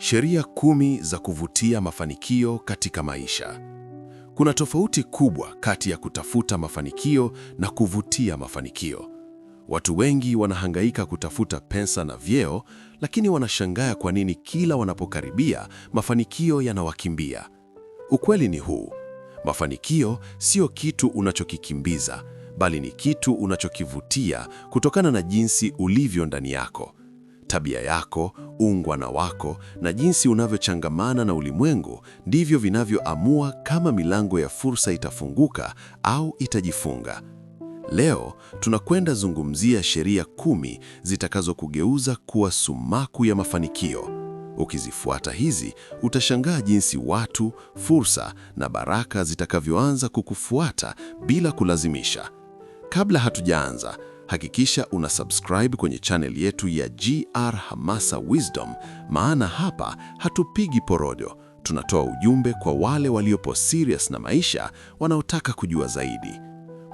Sheria kumi za kuvutia mafanikio katika maisha. Kuna tofauti kubwa kati ya kutafuta mafanikio na kuvutia mafanikio. Watu wengi wanahangaika kutafuta pesa na vyeo, lakini wanashangaa kwa nini kila wanapokaribia mafanikio yanawakimbia. Ukweli ni huu: mafanikio sio kitu unachokikimbiza, bali ni kitu unachokivutia kutokana na jinsi ulivyo ndani yako. Tabia yako, uungwana wako na jinsi unavyochangamana na ulimwengu ndivyo vinavyoamua kama milango ya fursa itafunguka au itajifunga. Leo tunakwenda zungumzia sheria kumi zitakazokugeuza kuwa sumaku ya mafanikio. Ukizifuata hizi, utashangaa jinsi watu, fursa na baraka zitakavyoanza kukufuata bila kulazimisha. Kabla hatujaanza hakikisha una subscribe kwenye channel yetu ya GR Hamasa Wisdom, maana hapa hatupigi porojo, tunatoa ujumbe kwa wale waliopo serious na maisha, wanaotaka kujua zaidi.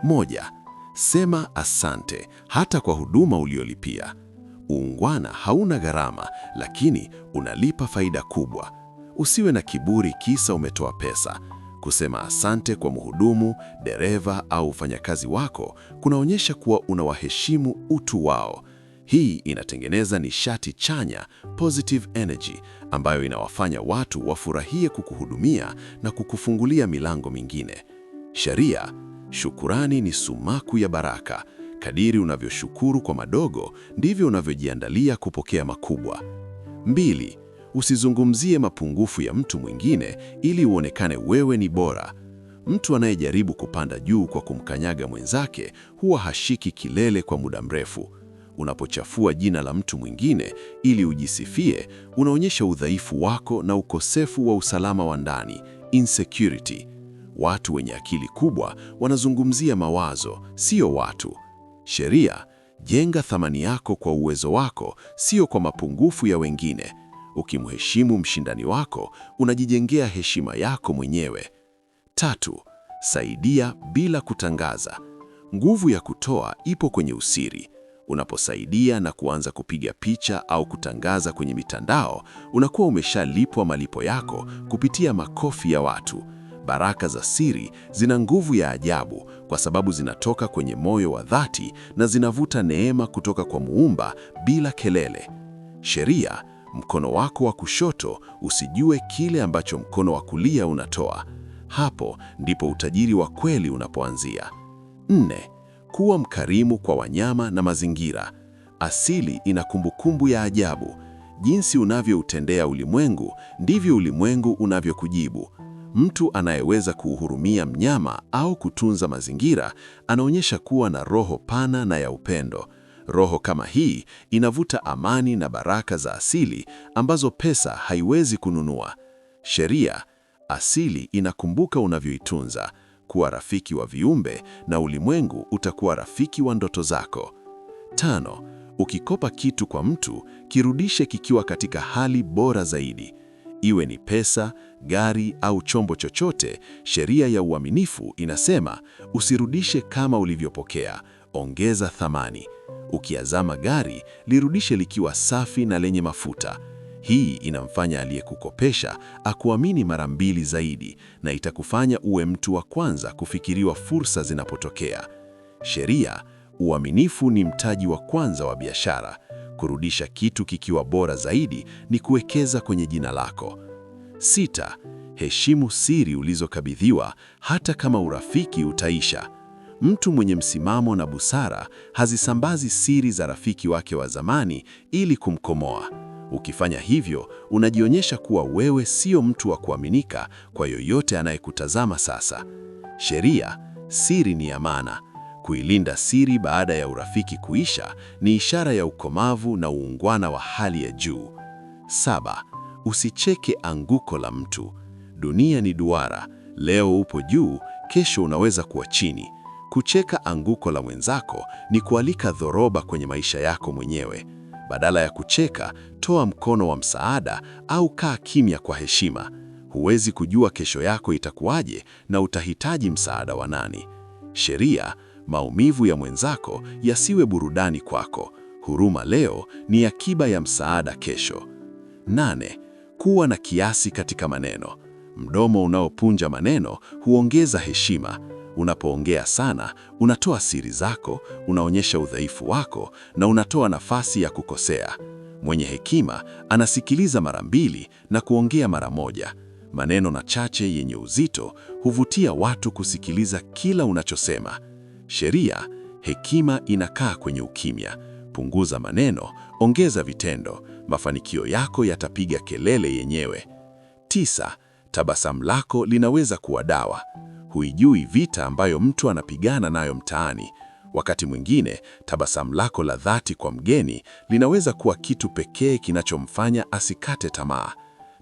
Moja, sema asante hata kwa huduma uliolipia. Uungwana hauna gharama, lakini unalipa faida kubwa. Usiwe na kiburi kisa umetoa pesa. Kusema asante kwa mhudumu, dereva au mfanyakazi wako kunaonyesha kuwa unawaheshimu utu wao. Hii inatengeneza nishati chanya, positive energy, ambayo inawafanya watu wafurahie kukuhudumia na kukufungulia milango mingine. Sharia: shukurani ni sumaku ya baraka. Kadiri unavyoshukuru kwa madogo, ndivyo unavyojiandalia kupokea makubwa. Mbili, Usizungumzie mapungufu ya mtu mwingine ili uonekane wewe ni bora. Mtu anayejaribu kupanda juu kwa kumkanyaga mwenzake huwa hashiki kilele kwa muda mrefu. Unapochafua jina la mtu mwingine ili ujisifie, unaonyesha udhaifu wako na ukosefu wa usalama wa ndani, insecurity. Watu wenye akili kubwa wanazungumzia mawazo, sio watu. Sheria: jenga thamani yako kwa uwezo wako, sio kwa mapungufu ya wengine. Ukimheshimu mshindani wako, unajijengea heshima yako mwenyewe. Tatu, saidia bila kutangaza. Nguvu ya kutoa ipo kwenye usiri. Unaposaidia na kuanza kupiga picha au kutangaza kwenye mitandao, unakuwa umeshalipwa malipo yako kupitia makofi ya watu. Baraka za siri zina nguvu ya ajabu kwa sababu zinatoka kwenye moyo wa dhati na zinavuta neema kutoka kwa Muumba bila kelele. Sheria mkono wako wa kushoto usijue kile ambacho mkono wa kulia unatoa. Hapo ndipo utajiri wa kweli unapoanzia. Nne, kuwa mkarimu kwa wanyama na mazingira. Asili ina kumbukumbu ya ajabu. Jinsi unavyoutendea ulimwengu ndivyo ulimwengu unavyokujibu. Mtu anayeweza kuuhurumia mnyama au kutunza mazingira anaonyesha kuwa na roho pana na ya upendo. Roho kama hii inavuta amani na baraka za asili ambazo pesa haiwezi kununua. Sheria asili inakumbuka unavyoitunza, kuwa rafiki wa viumbe, na ulimwengu utakuwa rafiki wa ndoto zako. Tano, ukikopa kitu kwa mtu, kirudishe kikiwa katika hali bora zaidi. Iwe ni pesa, gari au chombo chochote, sheria ya uaminifu inasema usirudishe kama ulivyopokea, ongeza thamani. Ukiazama gari, lirudishe likiwa safi na lenye mafuta. Hii inamfanya aliyekukopesha akuamini mara mbili zaidi na itakufanya uwe mtu wa kwanza kufikiriwa fursa zinapotokea. Sheria: uaminifu ni mtaji wa kwanza wa biashara. Kurudisha kitu kikiwa bora zaidi ni kuwekeza kwenye jina lako. Sita, heshimu siri ulizokabidhiwa hata kama urafiki utaisha. Mtu mwenye msimamo na busara hazisambazi siri za rafiki wake wa zamani ili kumkomoa. Ukifanya hivyo, unajionyesha kuwa wewe sio mtu wa kuaminika kwa yoyote anayekutazama sasa. Sheria: siri ni amana. Kuilinda siri baada ya urafiki kuisha ni ishara ya ukomavu na uungwana wa hali ya juu. Saba, usicheke anguko la mtu. Dunia ni duara, leo upo juu, kesho unaweza kuwa chini. Kucheka anguko la mwenzako ni kualika dhoroba kwenye maisha yako mwenyewe. Badala ya kucheka, toa mkono wa msaada au kaa kimya kwa heshima. Huwezi kujua kesho yako itakuwaje na utahitaji msaada wa nani. Sheria, maumivu ya mwenzako yasiwe burudani kwako. Huruma leo ni akiba ya msaada kesho. Nane, kuwa na kiasi katika maneno. Mdomo unaopunja maneno huongeza heshima. Unapoongea sana, unatoa siri zako, unaonyesha udhaifu wako na unatoa nafasi ya kukosea. Mwenye hekima anasikiliza mara mbili na kuongea mara moja. Maneno na chache yenye uzito huvutia watu kusikiliza kila unachosema. Sheria: hekima inakaa kwenye ukimya. Punguza maneno, ongeza vitendo. Mafanikio yako yatapiga kelele yenyewe. Tisa, tabasamu lako linaweza kuwa dawa huijui vita ambayo mtu anapigana nayo mtaani. Wakati mwingine tabasamu lako la dhati kwa mgeni linaweza kuwa kitu pekee kinachomfanya asikate tamaa.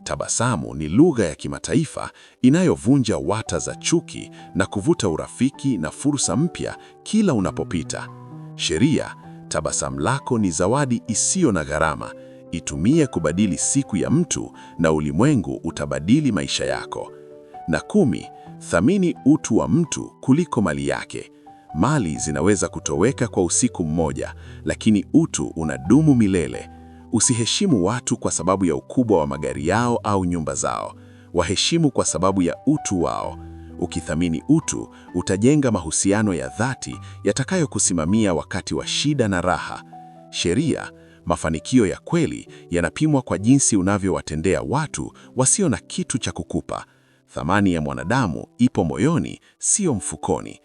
Tabasamu ni lugha ya kimataifa inayovunja wata za chuki na kuvuta urafiki na fursa mpya kila unapopita. Sheria: tabasamu lako ni zawadi isiyo na gharama. Itumie kubadili siku ya mtu na ulimwengu utabadili maisha yako. Na kumi, Thamini utu wa mtu kuliko mali yake. Mali zinaweza kutoweka kwa usiku mmoja, lakini utu unadumu milele. Usiheshimu watu kwa sababu ya ukubwa wa magari yao au nyumba zao. Waheshimu kwa sababu ya utu wao. Ukithamini utu, utajenga mahusiano ya dhati yatakayokusimamia wakati wa shida na raha. Sheria, mafanikio ya kweli yanapimwa kwa jinsi unavyowatendea watu wasio na kitu cha kukupa. Thamani ya mwanadamu ipo moyoni, sio mfukoni.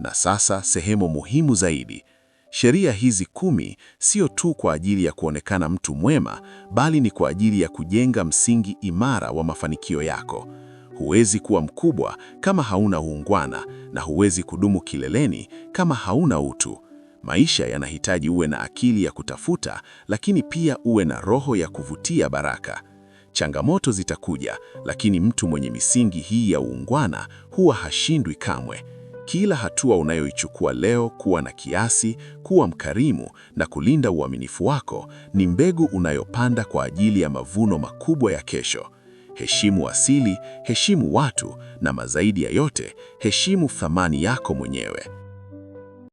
Na sasa sehemu muhimu zaidi. Sheria hizi kumi sio tu kwa ajili ya kuonekana mtu mwema, bali ni kwa ajili ya kujenga msingi imara wa mafanikio yako. Huwezi kuwa mkubwa kama hauna uungwana, na huwezi kudumu kileleni kama hauna utu. Maisha yanahitaji uwe na akili ya kutafuta, lakini pia uwe na roho ya kuvutia baraka changamoto zitakuja, lakini mtu mwenye misingi hii ya uungwana huwa hashindwi kamwe. Kila hatua unayoichukua leo, kuwa na kiasi, kuwa mkarimu na kulinda uaminifu wako, ni mbegu unayopanda kwa ajili ya mavuno makubwa ya kesho. Heshimu asili, heshimu watu, na mazaidi ya yote, heshimu thamani yako mwenyewe.